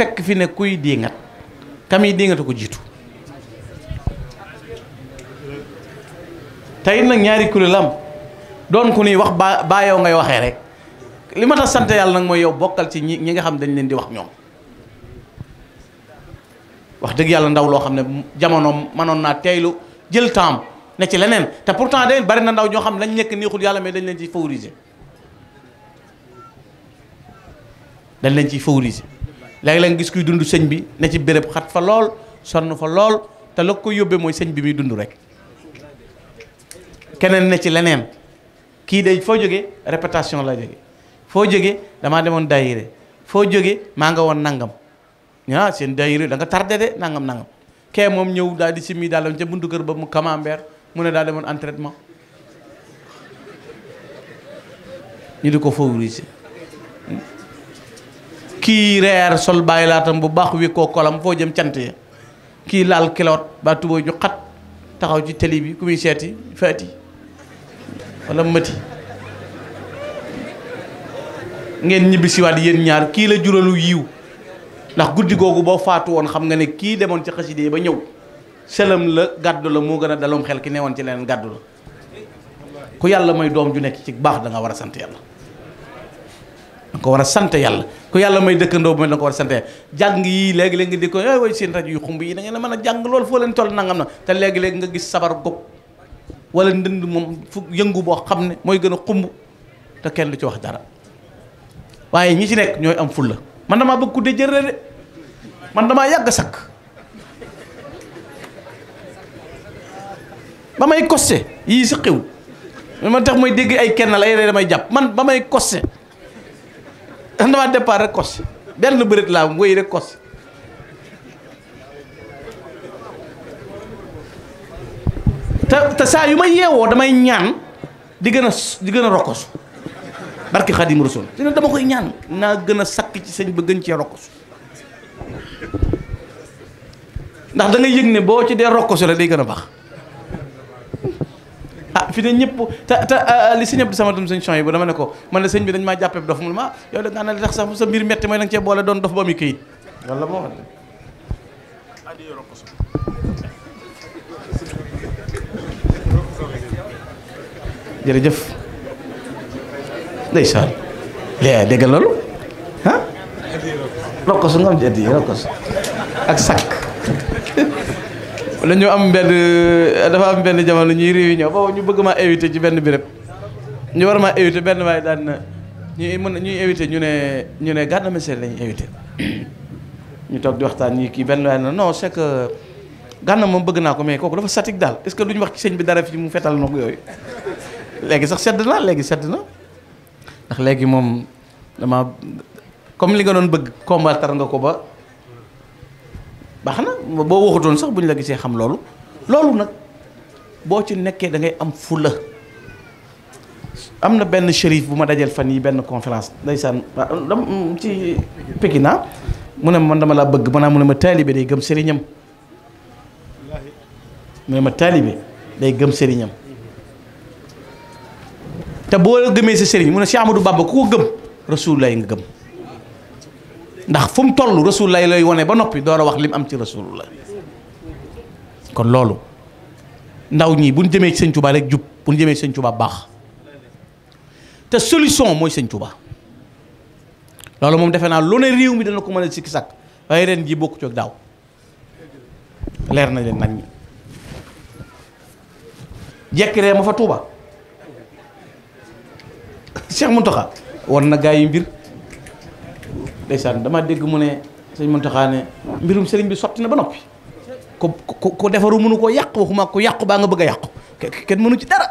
fekk fi ne kuy diingat kami diingata ko jiitu tey nag ñaari kuréel am doon ku nuy wax baa baa yow ngay waxee rek li ma a sant yàlla nag mooy yow bokkal ci ñi ñi nga xam dañ leen di wax ñoom wax dëgg yàlla ndaw loo xam ne jamonoom manoon naa teylu jël temps ne ci leneen te pourtant day bari na ndaw ñoo xam ne lañ nekk neexul yàlla mais dañ leen ciy favoriser dañ leen ciy favoriser léeg-léeg nga gis kuy dund sëñ bi ne ci béréb xat fa lool sonn fa lool te la ko yóbbee mooy sëñ bi muy dund rek keneen ne ci leneen kii de foo jóge réputation la jóge foo jóge damaa demoon daayire foo jóge maa nga woon nangam ah seen daayire da nga tarde de nangam nangam kenn moom ñëw daal di simi daal ca buntu kër ba mu camembert mu ne daa demoon entraînement ñu di ko favoriser kii reer sol bàyyi laatam bu baax wi kolam foo jëm cant ya kii laal kiloot ba tubóo ju xat taxaw ci télé bi ku muy seeti faati wala mëti ngeen ñibbisiwaat yéen ñaar kii la juralu yiw ndax guddi googu boo faatu woon xam nga ne kii demoon ci xaside ba ñëw selam la gàddu la moo gën a dalum xel ki newoon ci leen gàddu la ku yàlla may doom ju nekk ci baax da nga war a sant yàlla da ko war a sant yàlla ku yàlla may dëkkandoo bu mel da nga ko war a sant yàlla jàng yii léegi-léegi nga di ko eh, ay rajo yu xumb yi da mën a jàng lool foo na te léegi-léegi nga gis sabar gog ndënd moom yëngu boo xam ne mooy gën a xumb te kenn du ci wax dara waaye ñi ci nekk ñooy am fulla man damaa bëgg ku de jërë de man damaa yàgg sakk ba may kosse yii si xiw ma tax mooy dégg ay kenn la ay ree damay jàpp man ba may kosse dama départ rek kos benn bërit laa wéy rek te te saa yu ma yeewoo damay ñaan di gën a di gën a rokkosu barki xadim rasul dina dama koy ñaan naa gën a sakk ci sëñ ba gën cee rokkosu ndax dangay yëg ne boo ci dee rokkosu la day gën a baax ah fi ne ñëpp te te ah, li sëñ Abdou Samad sëñ son yi bu dama ne ko man a sëñ bi dañ maa jàppee dof mu ne ma yow da nga ne li tax sa mbir metti mooy da nga cee boole doon dof ba muy këyit walla moo xam jërëjëf ndeysaan lee dégg loolu ah rokkosu nga am addi rokkosu ak sakk dañu am benn dafa am benn jamono ñuy réunion boobu ñu bëgg maa invité ci benn béréb ñu war maa invité benn waaye daan na ñuy mën ñuy invité ñu ne ñu ne Gana Messere lañu invité ñu toog di waxtaan ñii kii benn waaye na non c'est que Gana moom bëgg naa ko mais kooku dafa satik daal est-ce que duñu wax ci sëñ bi dara fi mu fetal na ko yooyu léegi sax sedd na léegi sedd na ndax léegi moom dama comme li nga doon bëgg combattre nga ko ba baax na boo waxutoon sax bu ñu la gisee xam loolu loolu nag boo ci nekkee da ngay am fula am na benn shérif bu ma dajal fan yi benn conférence ndeysaan dam ci Pékina ah, mu ne man dama laa bëgg maanaam mu ne ma taalibe day gëm sëriñam mu ne ma taalibe day gëm sëriñam te boo gëmee sa sëriñ mu ne Cheikh Amadou Bamba ku ko gëm Rasulullah nga gëm ndax fu mu toll rasulullah lay wane ba noppi door a wax lim am ci rasulullah kon loolu ndaw ñi bu ñu jëmee ci sëñ Tuubaa rek jub bu ñu jëmee ci sëñ Tuubaa baax te solution mooy sëñ Tuubaa loolu moom defe naa lu ne réew mi dana ko mën a sikki sàkk waaye ren ji bokku coog daaw leer na leen nag ñi jekki ree ma fa Tuubaa Cheikh Mountakha war na gaa yi mbir ndeysaan damaa dégg mu ne sëñ Muntaxa mbirum sëriñ bi sotti na ba noppi ku ku ku defaru mënu koo yàq waxuma ko yàqu baa nga bëgg a yàqu kenn mënu ci dara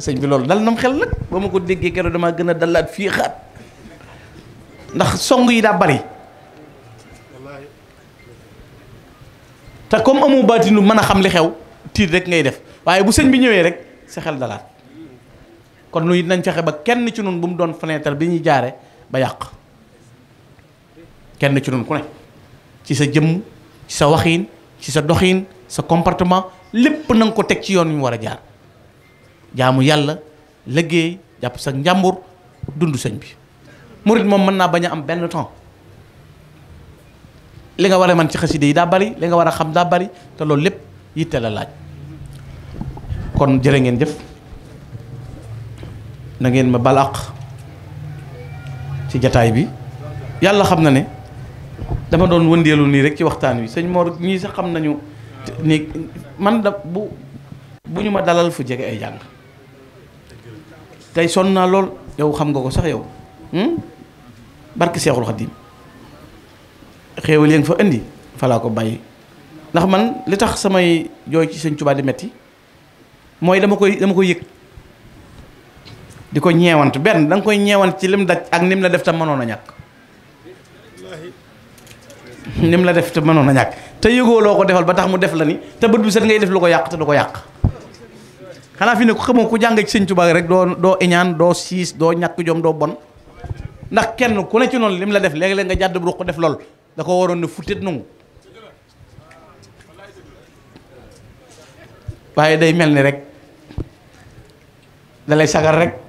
sëñ bi loolu dal nam xel nag ba ma ko déggee keroog damaa gën a dalaat fii xaat ndax song yi daa bari te comme amu baatinu mën a xam li xew tiit rek ngay def waaye bu sëñ bi ñëwee rek sa xel dalaat kon nuy nañ fexe ba kenn ci nun bu mu doon fenêtre bi ñuy jaare ba yàq kenn ci nun ku ne ci sa jëm ci sa waxin ci sa doxin sa comportement lepp nang ko tek ci yoon wi wara jaar jaamu yalla liggéey japp sa njambur dundu señ bi mourid mom man na baña am ben temps li nga wara man ci xaside yi da bari li nga wara xam da bari te lol lepp yitte la laaj kon jere ngeen jëf na ngeen ma balax ci jotaay bi yalla xam na ne dama doon wëndeelu nii rek ci waxtaan wi sëñ Mor ñii sax xam nañu ni man da bu bu ñu ma dalal fu jege ay jàng tey sonn naa lool yow xam nga ko sax yow hmm? barke Seexul Xadiim xéewal yaa ngi fa indi falaa ko bàyyi ndax man li tax samay jooy ci sëñ Tuubaa di metti mooy dama koy dama koy yëg di ko ñeewant benn da nga koy ñeewant ci lim daj ak nim la def tam mënoon a ñàkk ni mu la def te mënoon a ñàkk te yëgoo loo ko defal ba tax mu def la ni te bët bi set ngay def lu ko yàq te du ko yàq xanaa fi ne ku xamoo ku jàng ci sëñ Tuubaa rek doo doo iñaan doo siis doo ñàkk jom doo bon ndax kenn ku ne ci noonu lim la def léeg leen nga jàdd bu ko def lool da ko waroon ne futteet nangu waaye day mel ni rek dalay sagar rek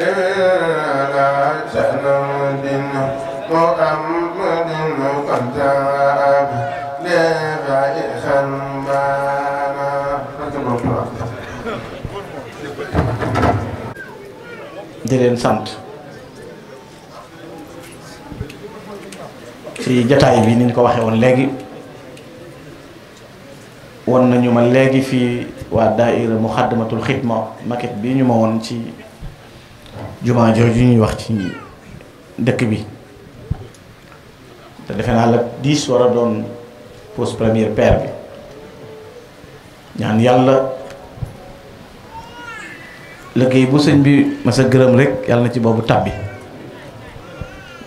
di leen sant ci jataay bi ni ñu ko waxee woon léegi won nañu ma léegi fii waa daaira muxaddamatul xidma maquette bi ñu ma woon ci juma joju ñuy wax ci dëkk bi te defe la 10 wara doon post premier père bi ñaan yàlla liggéey bu señ bi ma sa gërëm rek yalla na ci bobu tabbi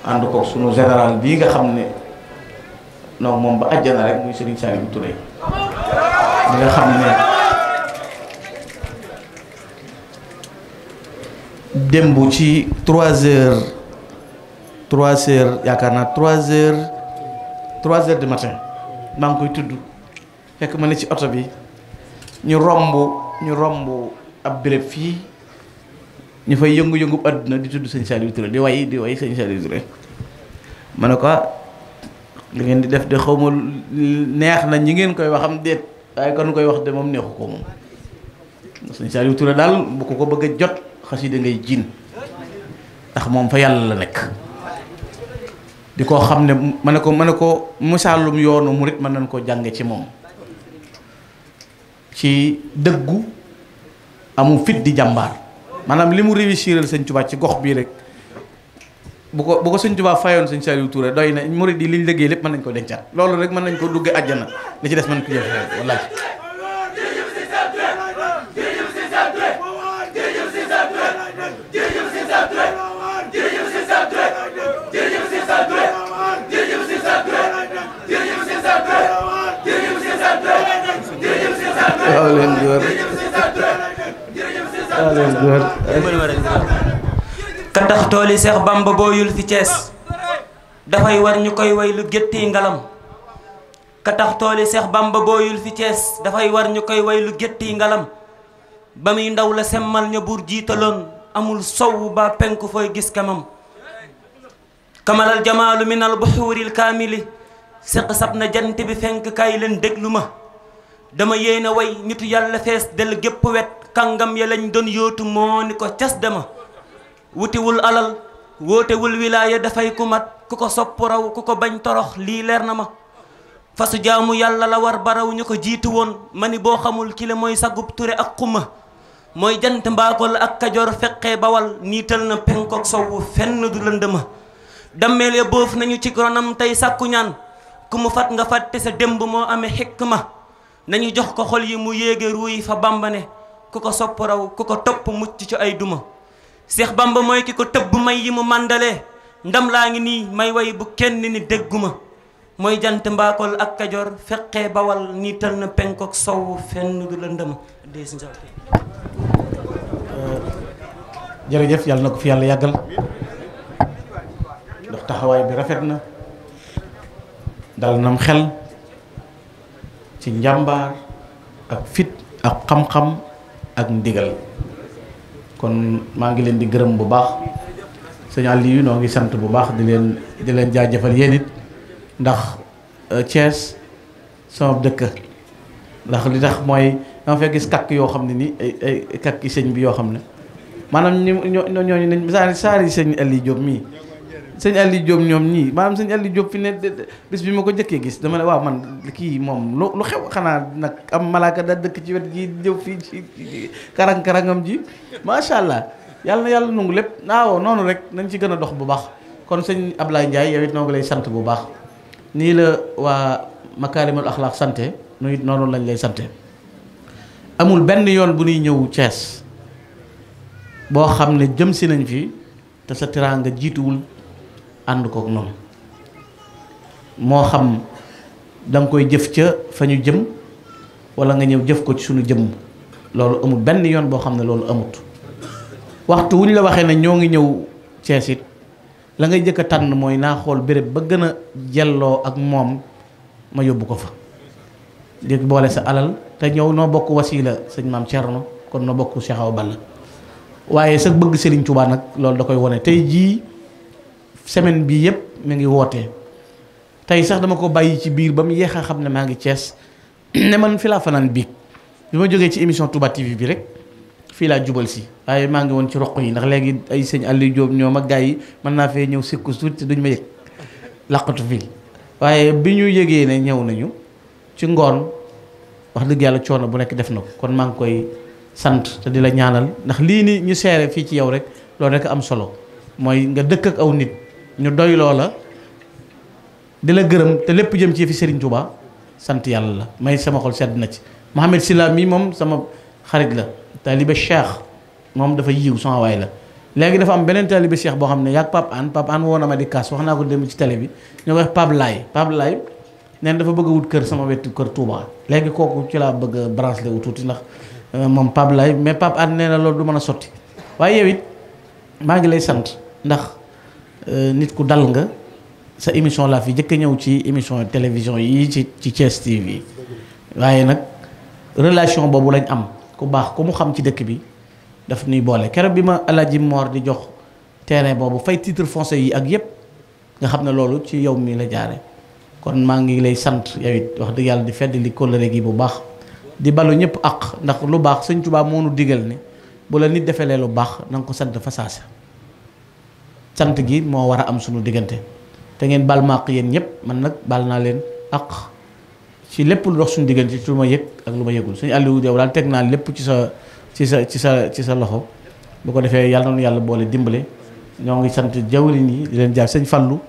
and ko sunu général bi nga xamné no mom ba aljana rek muy señ salim Touré nga xamné dembu ci 3 heures 3 heures yakarna 3 heures 3 heures du matin mang koy tuddu fekk ma ne ci auto bi ñu rombu ñu rombu ab bref fi ñu fay yëngu-yëngu aduna di tuddu seigne salih Touré di way di way seigne salih Touré ma ko ah, li ngeen di def de xawma neex na ñi ngeen koy waxam deet waye kan koy wax de mom neexuko mom seigne salih Touré dal bu ko ko bëgg jot xasida ngay jin tax mom fa yalla la di ko manako ne ko mana ko yoonu murid mën nañ ko jange ci mom ci deggu amu fit di jambar manam limu réussiral seigne touba ci gox bi rek bu ko bu ko seigne touba fayone seigne Saliou Touré doy na liñ lepp man nañ ko dencat lolu rek man nañ ko duga aljana li ci dess man ko jëfe wallahi waaw leen góor tooli Seex Bamba booyul fi Cees dafay war ñu koy way lu gétti ngalam ka tooli Seex Bamba booyul fi Cees dafay war ñu koy way lu gétti ngalam ba muy ndaw la semmal ña buur jiitaloon amul sow ba penk fooy gis kamam kamalal jamaalu minal buxuuril kaamili séq sab na jant bi fenk kaay leen déglu ma dama yéene way nitu yàlla fees dell gépp wet kàngam ya lañu doon yóotu moo ni ko cas dama wutiwul alal wootewul wilaaya dafay ku mat ku ko sopp raw ku ko bañ torox lii leer na ma fasu jaamu yàlla la war baraw ñu ko jiitu woon ma ni boo xamul ki mooy sagub ture ak xuma mooy jant mbaakol ak kajoor feqee bawal niital na penkook sowu fenn du lëndëma dammeel ya boof nañu ci ronam tey sàkku ku mu fat nga fàtte sa démb moo amee xikma nañu jox ko xol yi mu yéege ruuy fa bamba ne ku ko sopp raw ku ko topp mucc ci ay duma seex bamba mooy ki ko tëbb may yi mu màndalee ndam laa ngi nii may way bu kenn ni dégguma mooy jant mbaakol ak kajoor feqee bawal nii tal na penkook sow fenn du la ndëm euh, yàlla ko fi yàlla yàggal ndax taxawaay bi rafet na dal nam xel ci njambar ak fit ak xam-xam ak ndigal kon ma ngi leen di gërëm bu baax sëñ Aliou noo ngi sant bu baax di leen di leen jaajëfal yéen ndax euh, Thiès sama dëkk ndax li tax mooy dama fee gis kakk kaki xam ne ni ay ay kakki sëñ bi yoo xam ne maanaam saari saari sëñ Aliou mi sëñ Aliou Diop ñoom ñii maanaam sëñ Aliou Diop fi ne bis bi ma ko jëkkee gis dama ne waaw man kii moom lu xew xanaa nag am malaaka da dëkk ci wet gi jëw fii ci karang ji macha allah yàlla na yàlla nangu lépp waaw noonu rek nañ ci gën a dox bu baax kon sañ Ablaye Ndiaye yow it noo lay sant bu baax nii la waa Makarimal Akhlaq santé nu it noonu lañ lay sante amul benn yoon bu ñuy ñëw cees boo xam ne jëm si nañ fi te sa teraanga jiituwul ànd kook noonu moo xam danga koy jëf ca fa ñu jëm wala nga ñëw jëf ko ci suñu jëm loolu amul benn yoon boo xam ne loolu amut waxtu wu ñu la waxee ne ñoo ngi ñëw Cees it la ngay jëkk a tànn mooy naa xool béréb ba gën a jelloo ak moom ma yóbbu ko fa di boole sa alal te ñëw noo bokk wasiila sëñ maam Cerno kon noo bokk Cheikh Awa Balla waaye sa bëgg Serigne Touba nag loolu da koy wone tey jii semaine bii yëpp mi ngi wootee tey sax dama ko bàyyi ci biir ba mu yéex a xam ne maa ngi Cees ne man fi laa fanaan biig bi ma jógee ci émission Touba TV bi rek fii laa jubal si waaye maa ngi woon ci roq yi ndax léegi ay sëñ Aliou Diop ñoom ak gars yi mën naa fee ñëw sikku suut te duñ ma yëg làqatu fii waaye bi ñu yëgee ne ñëw nañu ci ngoon wax dëgg yàlla coono bu nekk def na ko kon maa ngi koy sant te di la ñaanal ndax lii ni ñu seere fii ci yow rek loolu rek am solo mooy nga dëkk aw nit ñu doy la di la gërëm te lépp jëm ci fi Serigne Touba sant yàlla la may sama xol sedd na ci Mouhamed Silla mii moom sama xarit la taalibe Cheikh moom dafa yiw sama waay la léegi dafa am beneen taalibe Cheikh boo xam ne yàgg Pape An Pape An woo na ma di kaas wax naa ko dem ci télé bi ñu wax Pape laay Pape Laye neen dafa bëgg a wut kër sama wetu kër tuuba léegi kooku ci laa bëgg a branché wu tuuti ndax euh, moom Pape laay mais Pape An nee na loolu du mën a sotti waaye yow ngi lay sant Euh, nit ku dal nga sa émission laa fi jëkk ñëw ci émission télévision yi ci ci Thiès TV waaye nag relation boobu lañ am ku baax ku mu xam ci dëkk bi daf nuy boole keroog bi ma Alaaji moor di jox terrain boobu fay titre foncier yi ak yépp nga xam ne loolu ci yow mii la jaare kon maa ngi lay sant yow wax dëgg yàlla di fedd li kóllëre gi bu baax di balu ñëpp ak ndax lu baax Sëñ Tuubaa moo nu digal ne bu la nit defelee lu baax na nga ko sant fa saasa sant gi moo war a am sunu diggante te ngeen baal ma àq yéen ñëpp man nag baal naa leen àq ci lépp lu dox suñu diggante ci lu ma yëg ak lu ma yëgul suñu àlliwu yow daal teg naa lépp ci sa ci sa ci sa ci sa loxo bu ko defee yàlla yàlla boole dimbale ñoo ngi sant jawriñ yi di leen jaar sëñ Fallou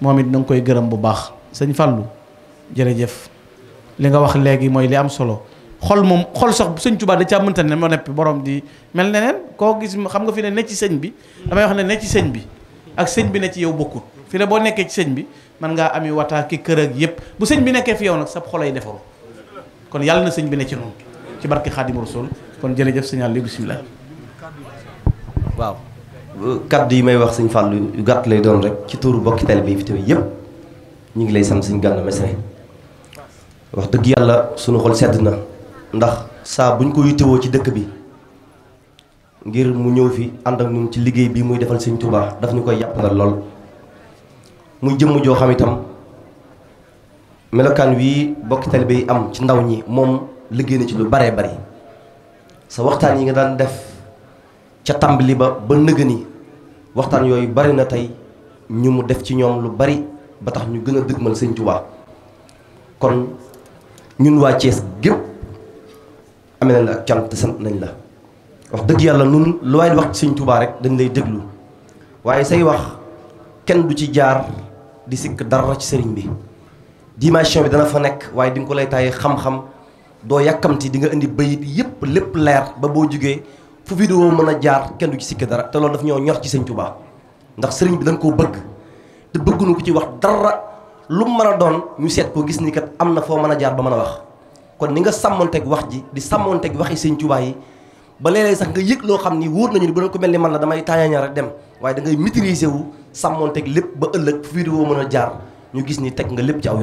moom it na nga koy gërëm bu baax sëñ Fallou jërëjëf li nga wax léegi mooy li am solo xol moom xol sax sëñ Tuubaa da caa mënta ne ma nepp borom di mel neneen koo gis xam nga fi ne ne ci sëñ bi damay wax ne ne ci sëñ bi ak sëñ bi ne ci yow bokkut fi ne boo nekkee ci sëñ bi man ngaa ami wataa ki kër ak yépp bu sëñ bi nekkee fi yow nag sab xolay defaru kon yàlla na sëñ bi ne ci noonu ci barki xaadimu rasul kon jërëjëf signal li bisimilah waaw kaddu yi may wax sëñ Fàllu yu gàtt lay doon rek ci tuuru bokki tali bi fi teew yépp ñu ngi lay sant sëñ Gana Messere wax dëgg yàlla sunu xol sedd na ndax saa buñ ko yittewoo ci dëkk bi ngir mu ñëw fi ànd ak ñun ci liggéey bi muy defal sëñ Tuubaa daf ñu koy yàppandal lool mu jëmm joo xam melokaan wii bokki taalibe yi am ci ndaw ñi moom liggéey na ci lu baree bari sa waxtaan yi nga daan def ca tàmbali ba ba nëgë waxtaan yooyu bari na tey ñu mu def ci ñoom lu bari ba tax ñu gën a dëgmal sëñ Tuubaa kon ñun waa Cees gépp amee nañ ak cant te sant nañ la wax dëgg yàlla nun lu waay wax ci sëñ Tuubaa rek dañ lay déglu waaye say wax kenn du ci jaar di sikk dara ci sëriñ bi dimension bi dana fa nekk waaye di ko lay taaye xam-xam doo yàkkamti di nga indi bayit yépp lépp leer ba boo jógee fu vidéo mën a jaar kenn du ci sikk dara te loolu daf ñoo ñor ci seen Tuubaa ndax sëriñ bi dañ koo bëgg te bëgguñu ko ci wax dara lu mu mën a doon ñu seet ko gis ni kat am na foo mën a jaar ba mën a wax kon ni nga sàmmanteeg wax ji di sàmmanteeg waxi sëñ Tuubaa yi ba léeg sax nga yëg loo xam ni wóor nañu ni bu doon ko mel ni man la damay taañaaña rek dem waaye da ngay maîtriser wu sàmmoon lépp ba ëllëg woo mën a jaar ñu gis ni teg nga lépp ci aw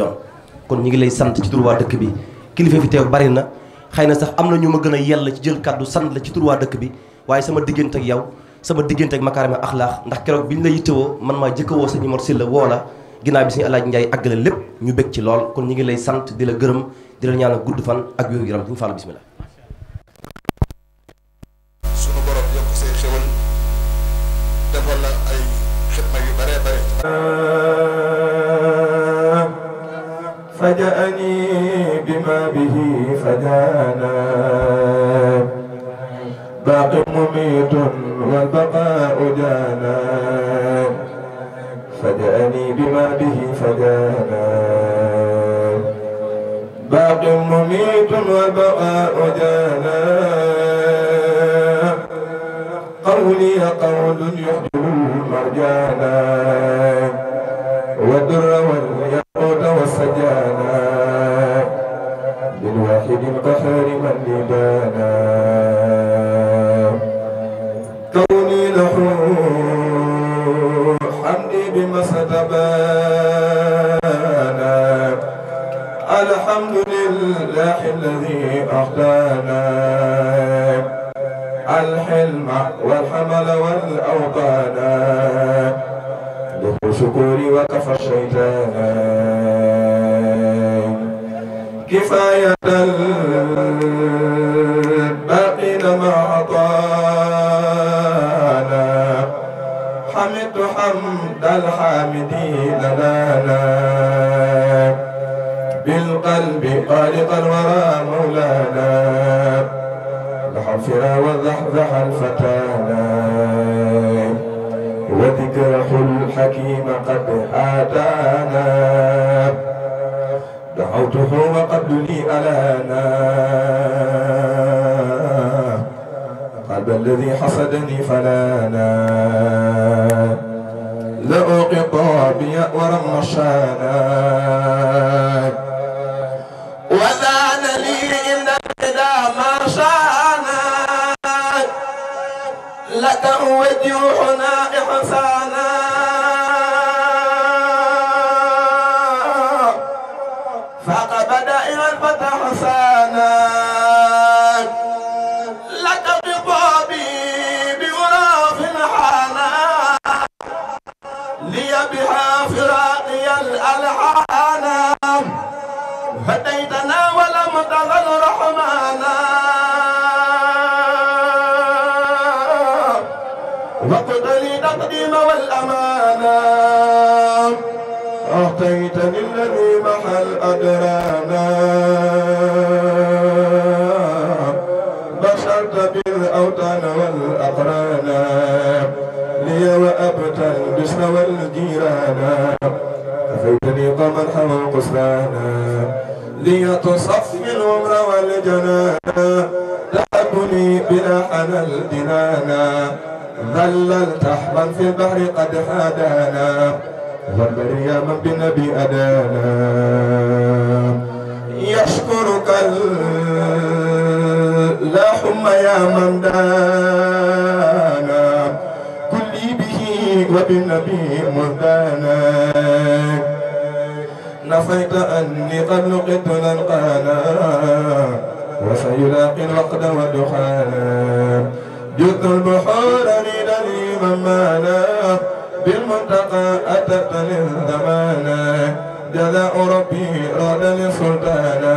kon ñu ngi lay sant ci tur dëkk bi kilifa fi teew bari na xëy na sax am na ñu ma gën a yell ci jël kàddu sant la ci tur dëkk bi waaye sama diggante ak yow sama diggante ak makaarame axlaax ndax keroog bi ñu la yittewoo man maa jëkkawoo sëñ si la woo la ginnaaw bi sëñ Alaaji Njaay àggale lépp ñu bég ci lool kon ñu ngi lay sant di la gërëm di la ñaanal fan ak wér-gu-yaram bu ñu fàllu والبقاء دانا فداني بما به فدانا باق مميت والبقاء دانا قولي قول يحجب المرجانا والدر والياقوت والسجانا للواحد القهار من لبانا الفلاح الذي أخدانا الحلم والحمل والأوطان دخل شكور وكفى الشيطان كفاية الدنيا ألانا قلب الذي حصدني فلانا لأوقظ بي ورم شانا وزان لي إن الغدا ما شانا لك وجوهنا إحسانا مرحبا حمى قسلانا ليتصفي العمر والجنانا ذهبني بلا حنل الدنانا ظللت حبا في البحر قد حادانا يا من بالنبي أدانا يشكرك لا حم يا من عفيت أني قد لقيت لنقانا وسيلاقي الوقت ودخانا جئت البحور ميدا لي مانا بالمنطقة أتت للزمانا جزاء ربي راد للسلطانا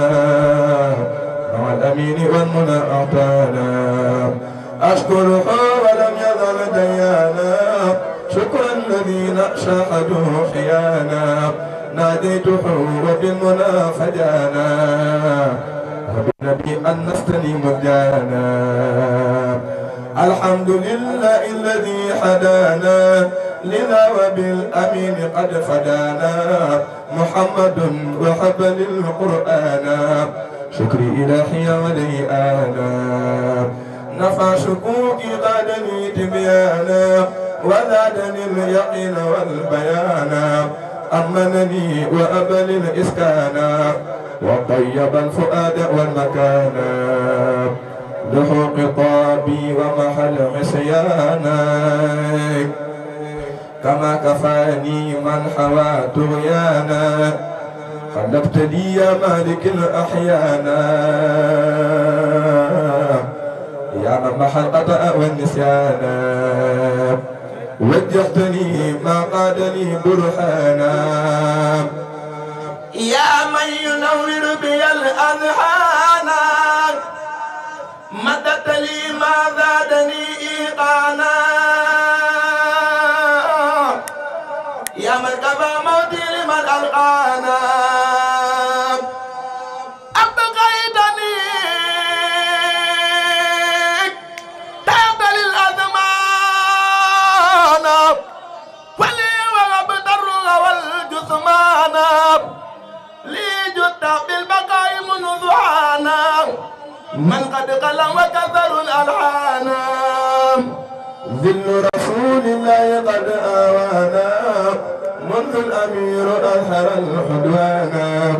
مع الأمين والمنى أعطانا أشكره ولم يزل ديانا شكرا الذي نأشى خيانا ناديته وبالمنى فجانا وبالنبي أن نستني مجانا الحمد لله الذي هدانا لنا وبالأمين قد فدانا محمد وحب للقرآن شكري إلهي ولي آنا نفع شكوكي غادني تبيانا وزادني اليقين والبيانا أمنني وأبل الإسكان وطيب الفؤاد والمكان له قطابي ومحل عصيانا كما كفاني من حوى طغيانا خلقت لي يا مالك الأحيانا يا من محل القطأ والنسيانا وجهتني ما قادني برهانا يا من ينور بي الأذهان مدت لي ما زادني إيقانا يا من قضى موتي لمن ألقانا من قد قلم وكثر الألحان ذل رسول الله قد آوانا منذ الأمير أظهر الحدوانا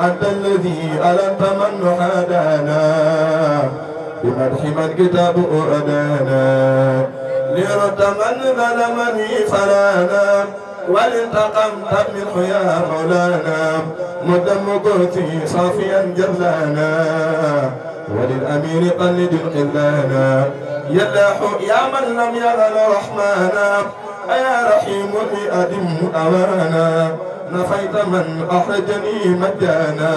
أنت الذي ألمت من هدانا بمدح من كتاب أدانا ليرد من ظلمني فلانا والتقمت من يا مولانا مدم قوتي صافيا جلانا وللأمير قلد القلانا يلاح يا من لم يرى رحمانا أيا رحيم بأدم أوانا نفيت من أحرجني مجانا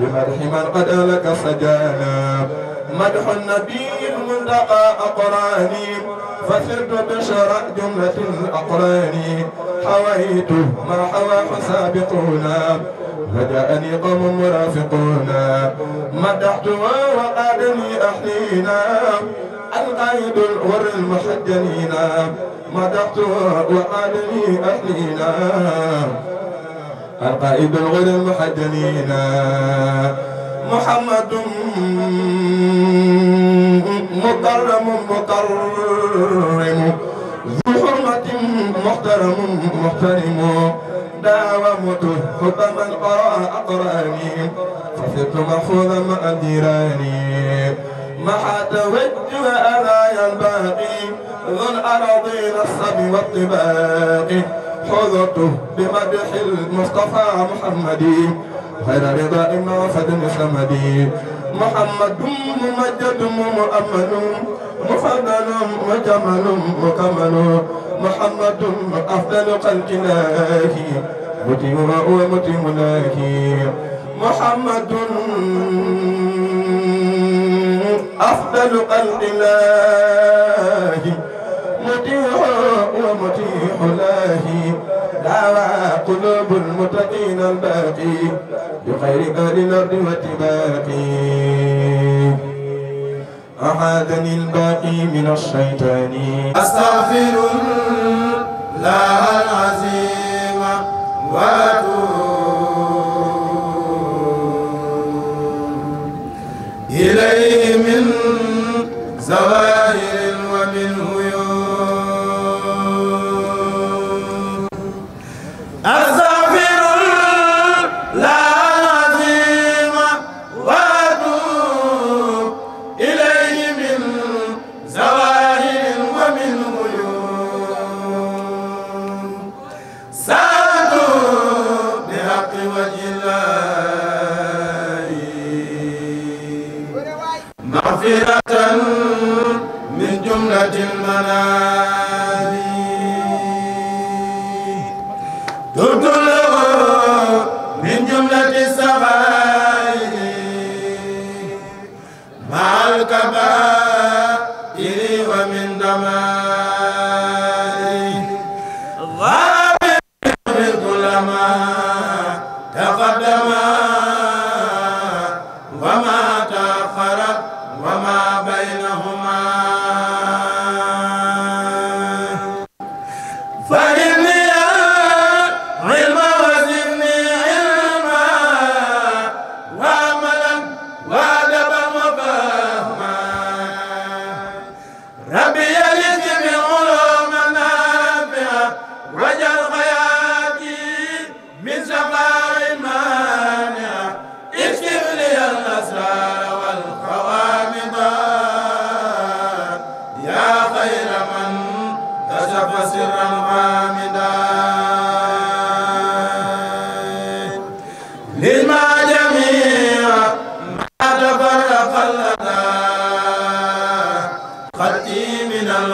بمدح من قد لك سجانا مدح النبي المنتقى أقراني فسرت بشرى جملة الأقران حويته ما حواه سابقونا هدأني قوم مرافقونا مدحت وقادني أحنينا القيد الغر المحجنين مدحت وقادني أحنينا القائد الغر المحجنين محمد مكرم مكرم ذو حرمة محترم محترم وموت حبا من قرأ أقراني فصرت مأخوذا مع ديراني محى توجه أذايا الباقي ذو الأراضي الصب والطباق حضرته بمدح المصطفى محمدي خير رضا ان وفد سمدي محمد ممجد مؤمن مفضل وجمل مكمل محمد أفضل خلق الله متيم ومتيم الله محمد أفضل خلق الله متيم ومتيم الهوى قلوب المتقين الباقي بخير أهل الأرض واتباقي أعادني الباقي من الشيطان أستغفر الله العظيم وأتوب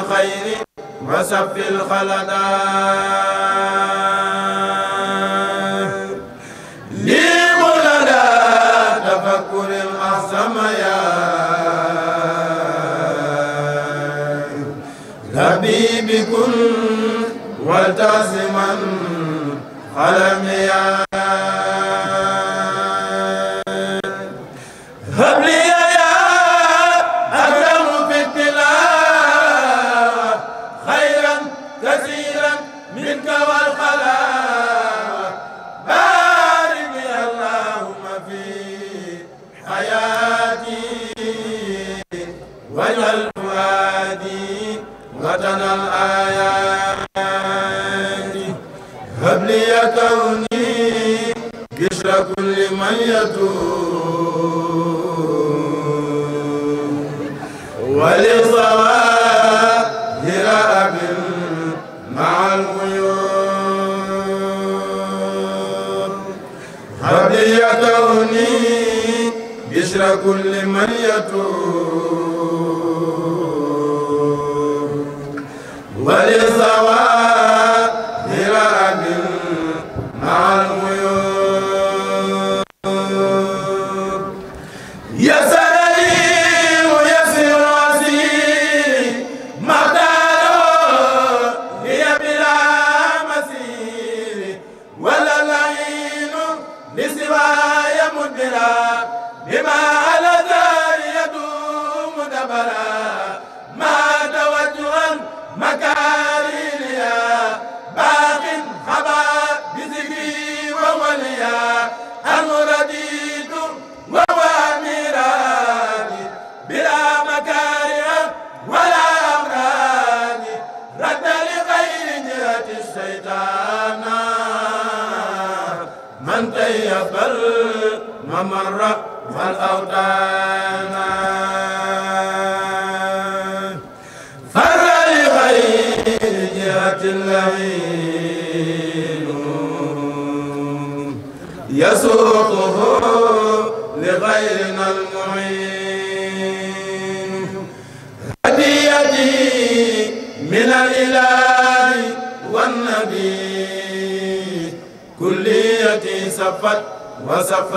الخير وسف الخلدان لي تفكر يا والتزما قلمي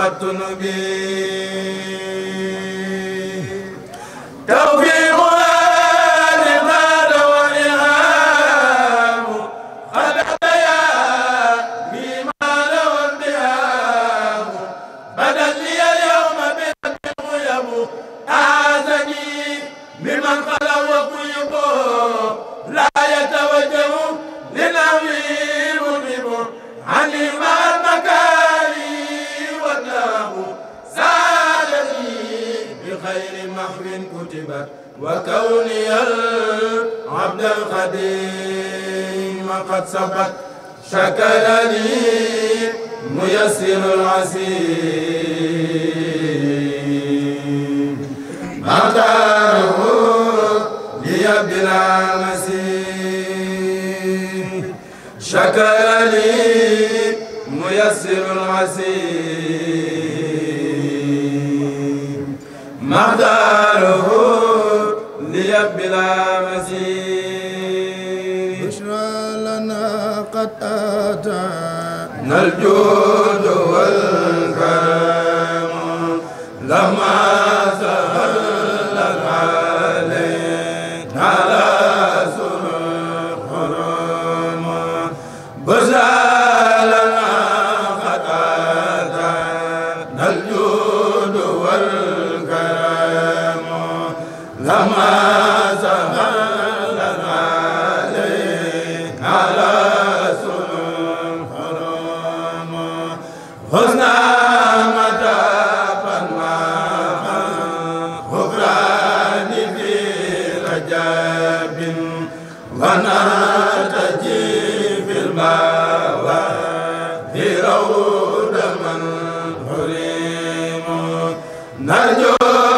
والذنوب توفيق الإقاد والإهام قد حبيا بما لو الدهام بدل لي اليوم بالحق يبو أعاذني ممن خلو وقيب لا يتوجه لنوي مذنب عن وكوني عبد الخديم قد سبت شكلني ميسر العسير مداره لي بلا مسير شكلني ميسر العسير مداره narjo na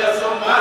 criação mais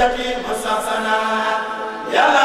يتيم سسنا يلا